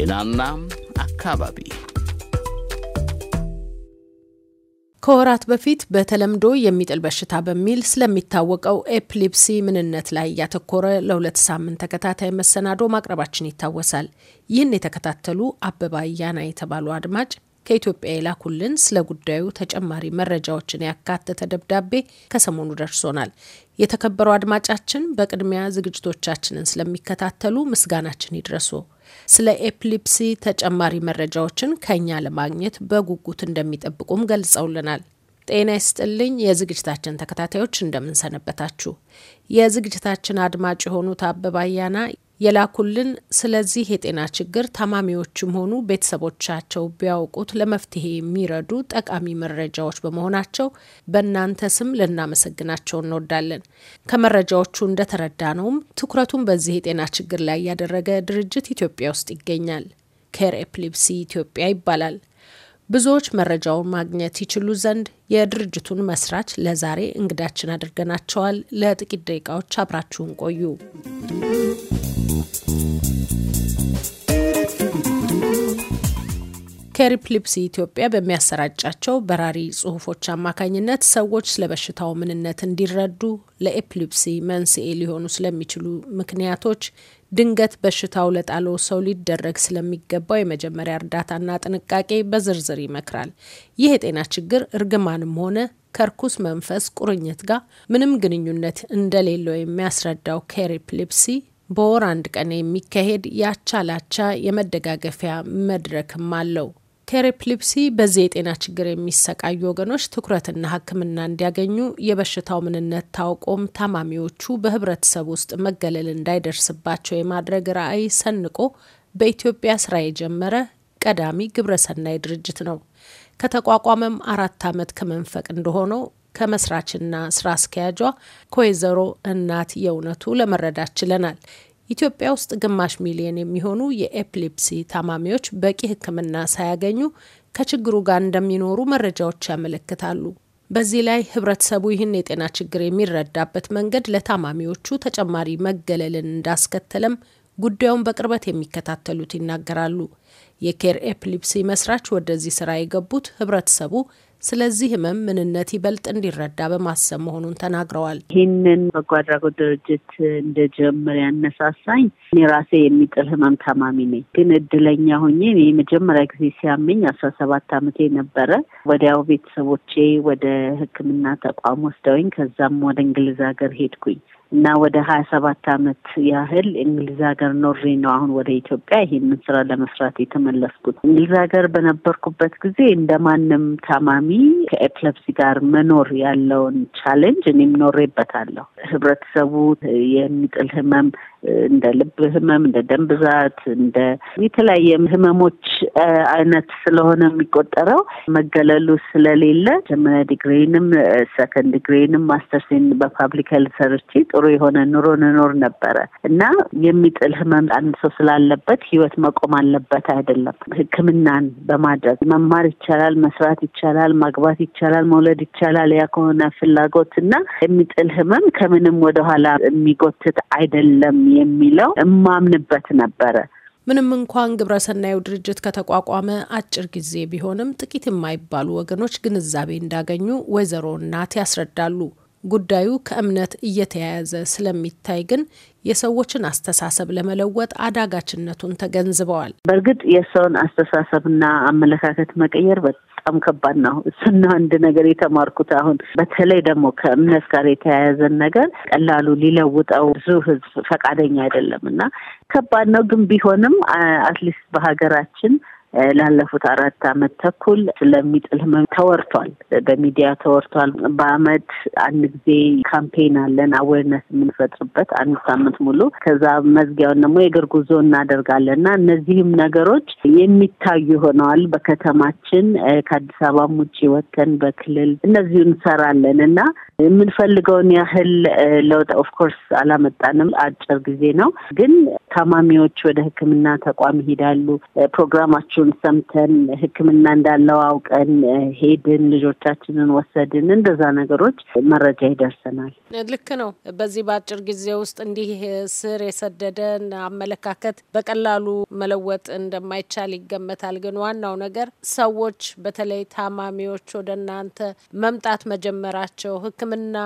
ጤናና አካባቢ ከወራት በፊት በተለምዶ የሚጥል በሽታ በሚል ስለሚታወቀው ኤፕሊፕሲ ምንነት ላይ እያተኮረ ለሁለት ሳምንት ተከታታይ መሰናዶ ማቅረባችን ይታወሳል። ይህን የተከታተሉ አበባ ያና የተባሉ አድማጭ ከኢትዮጵያ የላኩልን ስለ ጉዳዩ ተጨማሪ መረጃዎችን ያካተተ ደብዳቤ ከሰሞኑ ደርሶናል። የተከበሩ አድማጫችን፣ በቅድሚያ ዝግጅቶቻችንን ስለሚከታተሉ ምስጋናችን ይድረሱ። ስለ ኤፕሊፕሲ ተጨማሪ መረጃዎችን ከእኛ ለማግኘት በጉጉት እንደሚጠብቁም ገልጸውልናል። ጤና ይስጥልኝ የዝግጅታችን ተከታታዮች እንደምንሰነበታችሁ። የዝግጅታችን አድማጭ የሆኑት አበባያና የላኩልን ስለዚህ የጤና ችግር ታማሚዎችም ሆኑ ቤተሰቦቻቸው ቢያውቁት ለመፍትሄ የሚረዱ ጠቃሚ መረጃዎች በመሆናቸው በእናንተ ስም ልናመሰግናቸው እንወዳለን። ከመረጃዎቹ እንደተረዳ ነውም ትኩረቱን በዚህ የጤና ችግር ላይ ያደረገ ድርጅት ኢትዮጵያ ውስጥ ይገኛል። ኬር ኤፕሊፕሲ ኢትዮጵያ ይባላል። ብዙዎች መረጃውን ማግኘት ይችሉ ዘንድ የድርጅቱን መስራች ለዛሬ እንግዳችን አድርገናቸዋል። ለጥቂት ደቂቃዎች አብራችሁን ቆዩ። ኬሪፕሊፕስ ኢትዮጵያ በሚያሰራጫቸው በራሪ ጽሁፎች አማካኝነት ሰዎች ስለ በሽታው ምንነት እንዲረዱ፣ ለኤፕሊፕሲ መንስኤ ሊሆኑ ስለሚችሉ ምክንያቶች፣ ድንገት በሽታው ለጣለው ሰው ሊደረግ ስለሚገባው የመጀመሪያ እርዳታና ጥንቃቄ በዝርዝር ይመክራል። ይህ የጤና ችግር እርግማንም ሆነ ከርኩስ መንፈስ ቁርኝት ጋር ምንም ግንኙነት እንደሌለው የሚያስረዳው ኬሪፕሊፕሲ በወር አንድ ቀን የሚካሄድ ያቻላቻ የመደጋገፊያ መድረክም አለው። ቴሬፕሊፕሲ በዚህ የጤና ችግር የሚሰቃዩ ወገኖች ትኩረትና ሕክምና እንዲያገኙ የበሽታው ምንነት ታውቆም ታማሚዎቹ በህብረተሰብ ውስጥ መገለል እንዳይደርስባቸው የማድረግ ራዕይ ሰንቆ በኢትዮጵያ ስራ የጀመረ ቀዳሚ ግብረሰናይ ድርጅት ነው። ከተቋቋመም አራት ዓመት ከመንፈቅ እንደሆነው ከመስራችና ስራ አስኪያጇ ከወይዘሮ እናት የእውነቱ ለመረዳት ችለናል። ኢትዮጵያ ውስጥ ግማሽ ሚሊዮን የሚሆኑ የኤፕሊፕሲ ታማሚዎች በቂ ሕክምና ሳያገኙ ከችግሩ ጋር እንደሚኖሩ መረጃዎች ያመለክታሉ። በዚህ ላይ ህብረተሰቡ ይህን የጤና ችግር የሚረዳበት መንገድ ለታማሚዎቹ ተጨማሪ መገለልን እንዳስከተለም ጉዳዩን በቅርበት የሚከታተሉት ይናገራሉ። የኬር ኤፕሊፕሲ መስራች ወደዚህ ስራ የገቡት ህብረተሰቡ ስለዚህ ህመም ምንነት ይበልጥ እንዲረዳ በማሰብ መሆኑን ተናግረዋል። ይህንን በጎ አድራጎት ድርጅት እንደጀምር ያነሳሳኝ እኔ ራሴ የሚጥል ህመም ታማሚ ነኝ። ግን እድለኛ ሆኜ የመጀመሪያ ጊዜ ሲያመኝ አስራ ሰባት አመቴ ነበረ። ወዲያው ቤተሰቦቼ ወደ ህክምና ተቋም ወስደውኝ ከዛም ወደ እንግሊዝ ሀገር ሄድኩኝ እና ወደ ሀያ ሰባት አመት ያህል እንግሊዝ ሀገር ኖሬ ነው አሁን ወደ ኢትዮጵያ ይህንን ስራ ለመስራት የተመለስኩት። እንግሊዝ ሀገር በነበርኩበት ጊዜ እንደማንም ታማሚ አጋጣሚ ከኤፕለፕሲ ጋር መኖር ያለውን ቻሌንጅ እኔም ኖሬበታለሁ። ህብረተሰቡ የሚጥል ህመም እንደ ልብ ህመም፣ እንደ ደም ብዛት፣ እንደ የተለያየ ህመሞች አይነት ስለሆነ የሚቆጠረው መገለሉ ስለሌለ መጀመሪያ ዲግሪንም ሰከንድ ዲግሪንም ማስተርሴን በፓብሊክ ሄልት ሰርቼ ጥሩ የሆነ ኑሮ ንኖር ነበረ እና የሚጥል ህመም አንድ ሰው ስላለበት ህይወት መቆም አለበት አይደለም። ህክምናን በማድረግ መማር ይቻላል፣ መስራት ይቻላል፣ ማግባት ይቻላል፣ መውለድ ይቻላል። ያ ከሆነ ፍላጎት እና የሚጥል ህመም ከምንም ወደኋላ የሚጎትት አይደለም። የሚለው እማምንበት ነበረ። ምንም እንኳን ግብረሰናዩ ድርጅት ከተቋቋመ አጭር ጊዜ ቢሆንም ጥቂት የማይባሉ ወገኖች ግንዛቤ እንዳገኙ ወይዘሮ እናት ያስረዳሉ። ጉዳዩ ከእምነት እየተያያዘ ስለሚታይ ግን የሰዎችን አስተሳሰብ ለመለወጥ አዳጋችነቱን ተገንዝበዋል። በእርግጥ የሰውን አስተሳሰብና አመለካከት መቀየር በጣም ከባድ ነው። እሱና አንድ ነገር የተማርኩት አሁን በተለይ ደግሞ ከእምነት ጋር የተያያዘን ነገር ቀላሉ ሊለውጠው ብዙ ህዝብ ፈቃደኛ አይደለም እና ከባድ ነው። ግን ቢሆንም አትሊስት በሀገራችን ላለፉት አራት አመት ተኩል ስለሚጥል ህመም ተወርቷል፣ በሚዲያ ተወርቷል። በአመት አንድ ጊዜ ካምፔን አለን አዌርነስ የምንፈጥርበት አንድ ሳምንት ሙሉ። ከዛ መዝጊያውን ደግሞ የእግር ጉዞ እናደርጋለን እና እነዚህም ነገሮች የሚታዩ ሆነዋል። በከተማችን ከአዲስ አበባም ውጭ ወተን በክልል እነዚሁ እንሰራለን እና የምንፈልገውን ያህል ለውጥ ኦፍኮርስ አላመጣንም። አጭር ጊዜ ነው ግን ታማሚዎች ወደ ህክምና ተቋም ይሄዳሉ። ፕሮግራማችሁን ምክሩን ሰምተን ሕክምና እንዳለው አውቀን ሄድን፣ ልጆቻችንን ወሰድን። እንደዛ ነገሮች መረጃ ይደርሰናል። ልክ ነው። በዚህ በአጭር ጊዜ ውስጥ እንዲህ ስር የሰደደን አመለካከት በቀላሉ መለወጥ እንደማይቻል ይገመታል። ግን ዋናው ነገር ሰዎች በተለይ ታማሚዎች ወደ እናንተ መምጣት መጀመራቸው፣ ሕክምና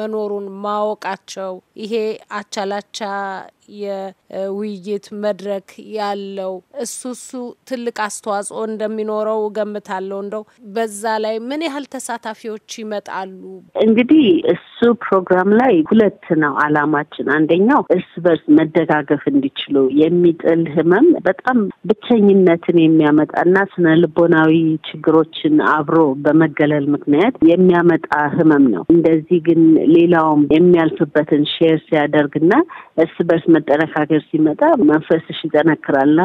መኖሩን ማወቃቸው ይሄ አቻላቻ የውይይት መድረክ ያለው እሱ እሱ ትልቅ አስተዋጽኦ እንደሚኖረው እገምታለሁ። እንደው በዛ ላይ ምን ያህል ተሳታፊዎች ይመጣሉ? እንግዲህ እሱ ፕሮግራም ላይ ሁለት ነው አላማችን። አንደኛው እርስ በርስ መደጋገፍ እንዲችሉ የሚጥል ህመም በጣም ብቸኝነትን የሚያመጣና ስነ ልቦናዊ ችግሮችን አብሮ በመገለል ምክንያት የሚያመጣ ህመም ነው። እንደዚህ ግን ሌላውም የሚያልፍበትን ሼር ሲያደርግና እርስ በርስ መጠነካከር ሲመጣ መንፈስሽ ይጠነክራላ።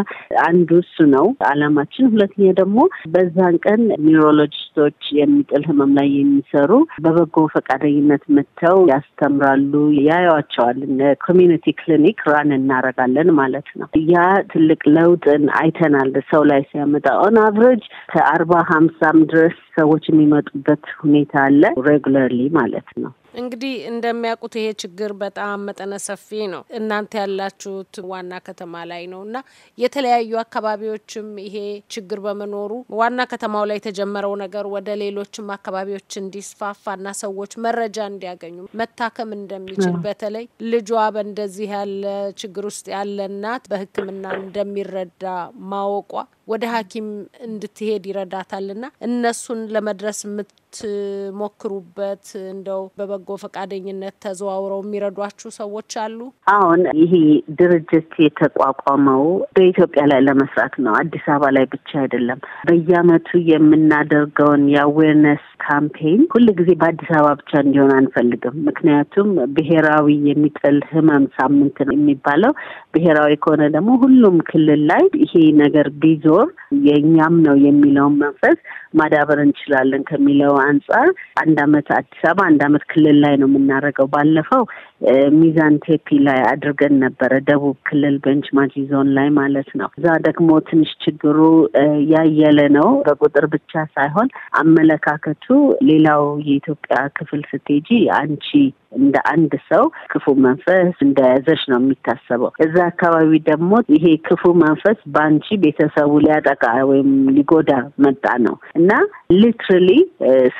አንዱ እሱ ነው አላማችን። ሁለተኛ ደግሞ በዛን ቀን ኒውሮሎጂስቶች የሚጥል ህመም ላይ የሚሰሩ በበጎ ፈቃደኝነት መጥተው ያስተምራሉ፣ ያዩዋቸዋል። ኮሚኒቲ ክሊኒክ ራን እናረጋለን ማለት ነው። ያ ትልቅ ለውጥን አይተናል ሰው ላይ ሲያመጣ ኦን አቨሬጅ ከአርባ ሀምሳም ድረስ ሰዎች የሚመጡበት ሁኔታ አለ ሬጉለርሊ ማለት ነው። እንግዲህ እንደሚያውቁት ይሄ ችግር በጣም መጠነ ሰፊ ነው። እናንተ ያላችሁት ዋና ከተማ ላይ ነው እና የተለያዩ አካባቢዎችም ይሄ ችግር በመኖሩ ዋና ከተማው ላይ የተጀመረው ነገር ወደ ሌሎችም አካባቢዎች እንዲስፋፋና ሰዎች መረጃ እንዲያገኙ መታከም እንደሚችል በተለይ ልጇ በእንደዚህ ያለ ችግር ውስጥ ያለ እናት በሕክምና እንደሚረዳ ማወቋ ወደ ሐኪም እንድትሄድ ይረዳታልና እነሱን ለመድረስ የምትሞክሩበት እንደው በበጎ ፈቃደኝነት ተዘዋውረው የሚረዷችሁ ሰዎች አሉ? አሁን ይሄ ድርጅት የተቋቋመው በኢትዮጵያ ላይ ለመስራት ነው። አዲስ አበባ ላይ ብቻ አይደለም። በየአመቱ የምናደርገውን የአዌርነስ ካምፔይን ሁል ጊዜ በአዲስ አበባ ብቻ እንዲሆን አንፈልግም። ምክንያቱም ብሔራዊ የሚጥል ህመም ሳምንት ነው የሚባለው። ብሔራዊ ከሆነ ደግሞ ሁሉም ክልል ላይ ይሄ ነገር ቢዞ ቢኖር የእኛም ነው የሚለውን መንፈስ ማዳበር እንችላለን ከሚለው አንጻር አንድ አመት አዲስ አበባ አንድ አመት ክልል ላይ ነው የምናደርገው። ባለፈው ሚዛን ቴፒ ላይ አድርገን ነበረ፣ ደቡብ ክልል ቤንች ማጂ ዞን ላይ ማለት ነው። እዛ ደግሞ ትንሽ ችግሩ ያየለ ነው። በቁጥር ብቻ ሳይሆን አመለካከቱ ሌላው የኢትዮጵያ ክፍል ስቴጂ አንቺ እንደ አንድ ሰው ክፉ መንፈስ እንደያዘች ነው የሚታሰበው። እዛ አካባቢ ደግሞ ይሄ ክፉ መንፈስ በአንቺ ቤተሰቡ ሊያጠቃ ወይም ሊጎዳ መጣ ነው እና ሊትራሊ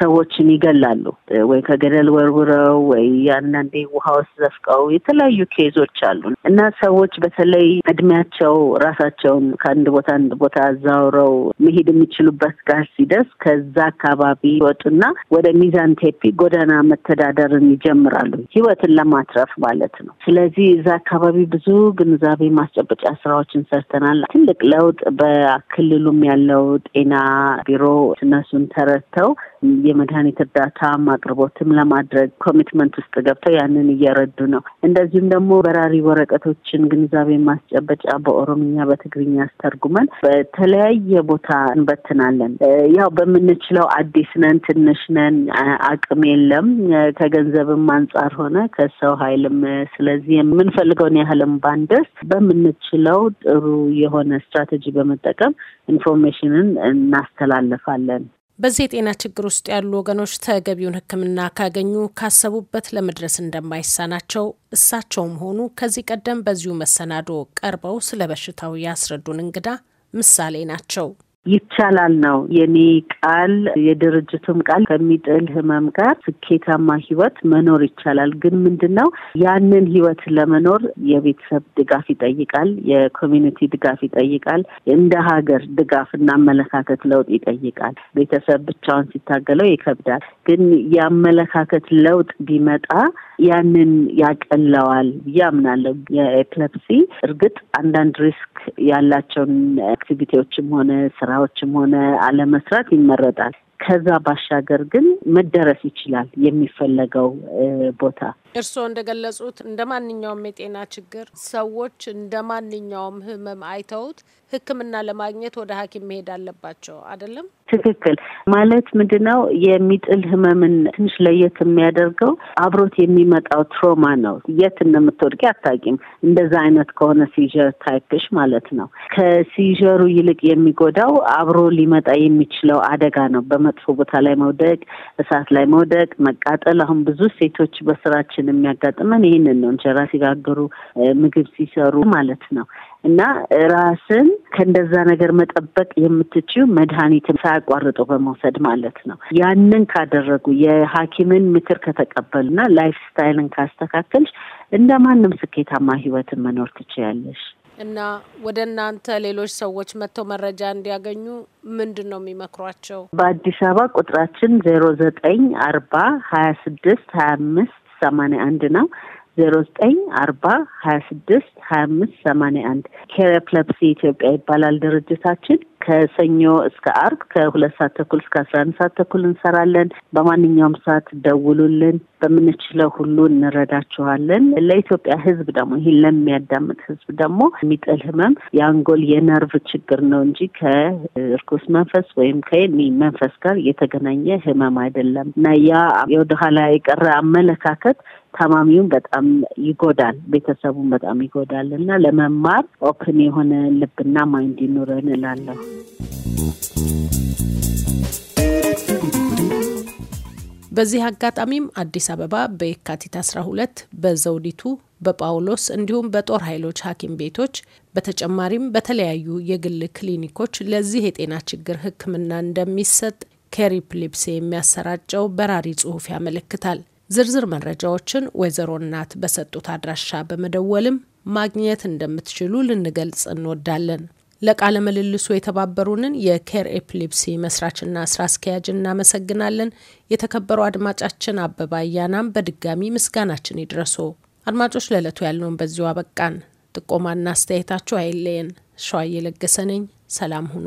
ሰዎችን ይገላሉ ወይ ከገደል ወርውረው ወይ አንዳንዴ ውሃ ውስጥ ዘፍቀው የተለያዩ ኬዞች አሉ እና ሰዎች በተለይ እድሜያቸው ራሳቸውን ከአንድ ቦታ አንድ ቦታ አዛውረው መሄድ የሚችሉበት ጋር ሲደርስ ከዛ አካባቢ ይወጡና ወደ ሚዛን ቴፒ ጎዳና መተዳደርን ይጀምራሉ ህይወትን ለማትረፍ ማለት ነው። ስለዚህ እዛ አካባቢ ብዙ ግንዛቤ ማስጨበጫ ስራዎችን ሰርተናል። ትልቅ ለውጥ በ ክልሉም ያለው ጤና ቢሮ እነሱን ተረድተው የመድኃኒት እርዳታ አቅርቦትም ለማድረግ ኮሚትመንት ውስጥ ገብተው ያንን እየረዱ ነው። እንደዚሁም ደግሞ በራሪ ወረቀቶችን ግንዛቤ ማስጨበጫ በኦሮምኛ በትግርኛ አስተርጉመን በተለያየ ቦታ እንበትናለን። ያው በምንችለው አዲስ ነን፣ ትንሽ ነን፣ አቅም የለም ከገንዘብም አንጻር ሆነ ከሰው ኃይልም ስለዚህ የምንፈልገውን ያህልም ባንደርስ በምንችለው ጥሩ የሆነ ስትራቴጂ በመጠቀም በመጠቀም ኢንፎርሜሽንን እናስተላልፋለን። በዚህ የጤና ችግር ውስጥ ያሉ ወገኖች ተገቢውን ሕክምና ካገኙ ካሰቡበት ለመድረስ እንደማይሳናቸው እሳቸውም ሆኑ ከዚህ ቀደም በዚሁ መሰናዶ ቀርበው ስለ በሽታው ያስረዱን እንግዳ ምሳሌ ናቸው። ይቻላል ነው የኔ ቃል። የድርጅቱም ቃል ከሚጥል ህመም ጋር ስኬታማ ህይወት መኖር ይቻላል። ግን ምንድን ነው ያንን ህይወት ለመኖር የቤተሰብ ድጋፍ ይጠይቃል፣ የኮሚኒቲ ድጋፍ ይጠይቃል፣ እንደ ሀገር ድጋፍ እና አመለካከት ለውጥ ይጠይቃል። ቤተሰብ ብቻውን ሲታገለው ይከብዳል። ግን የአመለካከት ለውጥ ቢመጣ ያንን ያቀለዋል ብዬ አምናለሁ። የኤፕለፕሲ እርግጥ አንዳንድ ሪስክ ያላቸውን አክቲቪቲዎችም ሆነ ስራዎችም ሆነ አለመስራት ይመረጣል። ከዛ ባሻገር ግን መደረስ ይችላል የሚፈለገው ቦታ እርስዎ እንደገለጹት እንደ ማንኛውም የጤና ችግር ሰዎች እንደ ማንኛውም ህመም አይተውት ሕክምና ለማግኘት ወደ ሐኪም መሄድ አለባቸው አይደለም? ትክክል። ማለት ምንድነው የሚጥል ህመምን ትንሽ ለየት የሚያደርገው አብሮት የሚመጣው ትሮማ ነው። የት እንደምትወድቂ አታውቂም። እንደዛ አይነት ከሆነ ሲዥር ታይፕሽ ማለት ነው። ከሲዥሩ ይልቅ የሚጎዳው አብሮ ሊመጣ የሚችለው አደጋ ነው። በመጥፎ ቦታ ላይ መውደቅ፣ እሳት ላይ መውደቅ፣ መቃጠል። አሁን ብዙ ሴቶች በስራችን ብዙዎቻችን የሚያጋጥመን ይህንን ነው። እንጀራ ሲጋግሩ፣ ምግብ ሲሰሩ ማለት ነው እና ራስን ከእንደዛ ነገር መጠበቅ የምትችው መድኃኒትን ሳያቋርጡ በመውሰድ ማለት ነው። ያንን ካደረጉ የሐኪምን ምክር ከተቀበሉና ላይፍ ስታይልን ካስተካከልሽ እንደ ማንም ስኬታማ ህይወትን መኖር ትችያለሽ። እና ወደ እናንተ ሌሎች ሰዎች መጥተው መረጃ እንዲያገኙ ምንድን ነው የሚመክሯቸው? በአዲስ አበባ ቁጥራችን ዜሮ ዘጠኝ አርባ ሀያ ስድስት ሀያ አምስት ሰማንያ አንድ ነው ዜሮ ዘጠኝ አርባ ሀያ ስድስት ሀያ አምስት ሰማንያ አንድ ኬር ኤፕለፕሲ ኢትዮጵያ ይባላል ድርጅታችን። ከሰኞ እስከ አርብ ከሁለት ሰዓት ተኩል እስከ አስራ አንድ ሰዓት ተኩል እንሰራለን። በማንኛውም ሰዓት ደውሉልን፣ በምንችለው ሁሉ እንረዳችኋለን። ለኢትዮጵያ ሕዝብ ደግሞ ይህን ለሚያዳምጥ ሕዝብ ደግሞ የሚጥል ህመም የአንጎል የነርቭ ችግር ነው እንጂ ከእርኩስ መንፈስ ወይም ከኒ መንፈስ ጋር የተገናኘ ህመም አይደለም እና ያ የወደ ኋላ የቀረ አመለካከት ታማሚውን በጣም ይጎዳል፣ ቤተሰቡን በጣም ይጎዳል እና ለመማር ኦፕን የሆነ ልብና ማይንድ ይኑረን እላለሁ። በዚህ አጋጣሚም አዲስ አበባ በየካቲት 12 በዘውዲቱ በጳውሎስ እንዲሁም በጦር ኃይሎች ሐኪም ቤቶች በተጨማሪም በተለያዩ የግል ክሊኒኮች ለዚህ የጤና ችግር ሕክምና እንደሚሰጥ ኬሪ የሚያሰራጨው በራሪ ጽሑፍ ያመለክታል። ዝርዝር መረጃዎችን ወይዘሮ እናት በሰጡት አድራሻ በመደወልም ማግኘት እንደምትችሉ ልንገልጽ እንወዳለን። ለቃለ ምልልሱ የተባበሩንን የኬር ኤፕሊፕሲ መስራችና ስራ አስኪያጅ እናመሰግናለን። የተከበሩ አድማጫችን አበባ አያናም በድጋሚ ምስጋናችን ይድረሶ። አድማጮች ለዕለቱ ያልነውን በዚሁ አበቃን። ጥቆማና አስተያየታችሁ አይለየን። ሸዋ እየለገሰ ነኝ። ሰላም ሁኑ።